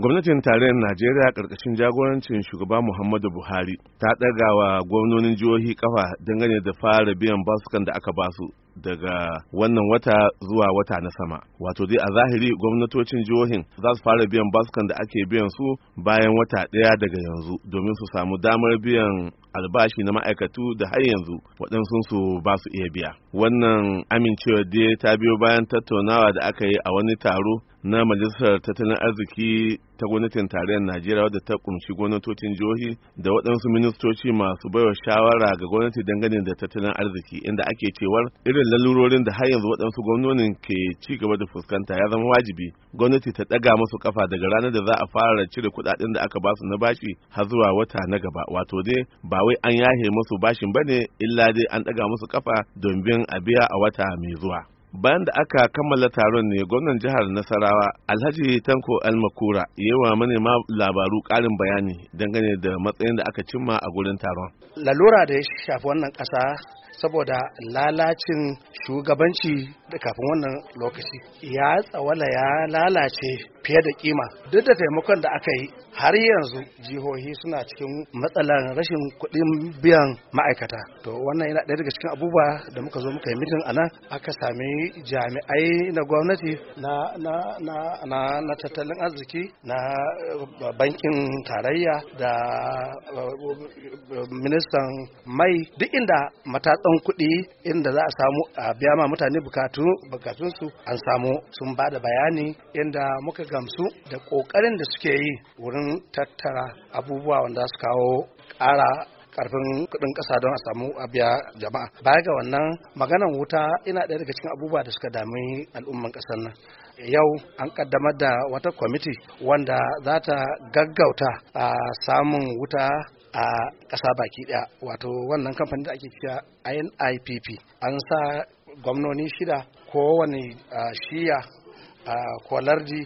gwamnatin tarayyar najeriya karkashin jagorancin shugaba muhammadu buhari ta ɗaga wa gwamnonin jihohi kafa dangane da fara biyan basukan da aka basu daga wannan wata zuwa wata na sama wato dai a zahiri gwamnatocin jihohin za su fara biyan baskan da ake biyan su bayan wata ɗaya daga yanzu domin su samu damar biyan albashi na ma'aikatu da har yanzu waɗansu su ba su iya biya wannan amincewa dai ta biyo bayan tattaunawa da aka yi a wani taro na majalisar tattalin arziki ta gwamnatin tarayyar Najeriya wadda ta kunshi gwamnatocin jihohi da waɗansu ministoci masu baiwa shawara ga gwamnati dangane da tattalin arziki inda ake cewar irin lalurorin da har yanzu waɗansu gwamnonin ke ci gaba da fuskanta ya zama wajibi gwamnati ta ɗaga musu kafa daga ranar da za a fara cire kuɗaɗen da aka basu na bashi har zuwa wata na gaba wato dai ba wai an yahe musu bashin bane illa dai an ɗaga musu kafa don a biya a wata mai zuwa. bayan da aka kammala taron ne gwamnan jihar nasarawa alhaji tanko almakura yawa manema labaru karin bayani dangane da matsayin da aka cimma a gurin taron lalura da ya shafi wannan kasa saboda lalacin shugabanci da kafin wannan lokaci ya tsawala ya lalace fiye da kima duk da taimakon da aka yi har yanzu jihohi suna cikin matsalar rashin kuɗin biyan ma'aikata to wannan yana ɗaya daga cikin abubuwa da muka zo muka yi mitin a nan aka sami jami'ai na gwamnati na na na na na tattalin arziki na eh, bankin tarayya da eh, ministan mai duk inda matatsan kuɗi inda za a samu a biya ma mutane bukatunsu an samu sun ba da bayani inda muka gamsu da ƙoƙarin da suke yi wurin tattara abubuwa wanda su kawo ƙara karfin kuɗin ƙasa don a samu abiya jama'a baya ga wannan maganan wuta ina ɗaya daga cikin abubuwa da suka dami al'umman ƙasar nan yau an kaddamar da wata kwamiti wanda za ta gaggauta a samun wuta a ƙasa baki ɗaya wato wannan kamfanin da ake cika nipp an sa gwamnoni shida kowane shiya ko lardi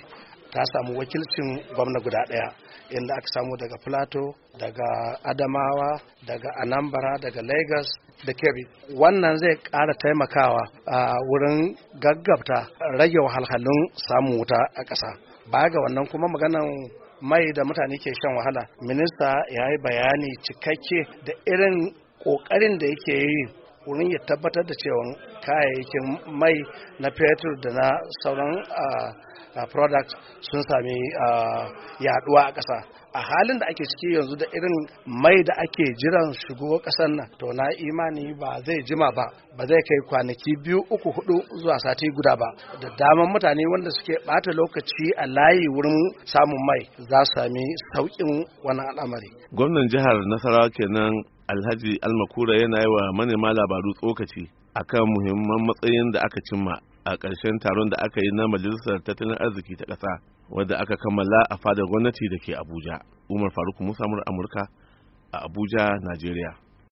ta samu wakilcin gwamna guda ɗaya inda aka samu daga plateau daga adamawa daga anambra daga lagos da kebbi wannan zai ƙara taimakawa a wurin gaggabta rage wahalhalun samun wuta a ƙasa Ba ga wannan kuma maganan mai da mutane ke shan wahala minista ya yi bayani cikakke da irin ƙoƙarin da yake yi wurin ya tabbatar da cewa kayayyakin mai na fetur da na sauran Uh, product sun sami uh, yaduwa a ƙasa a halin da ake ciki yanzu da irin mai da ake jiran shigo ƙasar nan to na imani ba zai jima ba ba zai kai kwanaki biyu uku hudu zuwa sati guda ba da daman mutane wanda suke bata lokaci a layi wurin samun mai za su sami sauƙin wani al'amari gwamnan jihar nasarawa kenan alhaji almakura yana yi wa manema labaru tsokaci akan muhimman matsayin da aka cimma a ƙarshen taron da aka yi na majalisar tattalin arziki ta ƙasa wadda aka kammala a fadar gwamnati da ke abuja umar faruk musamman amurka a abuja najeriya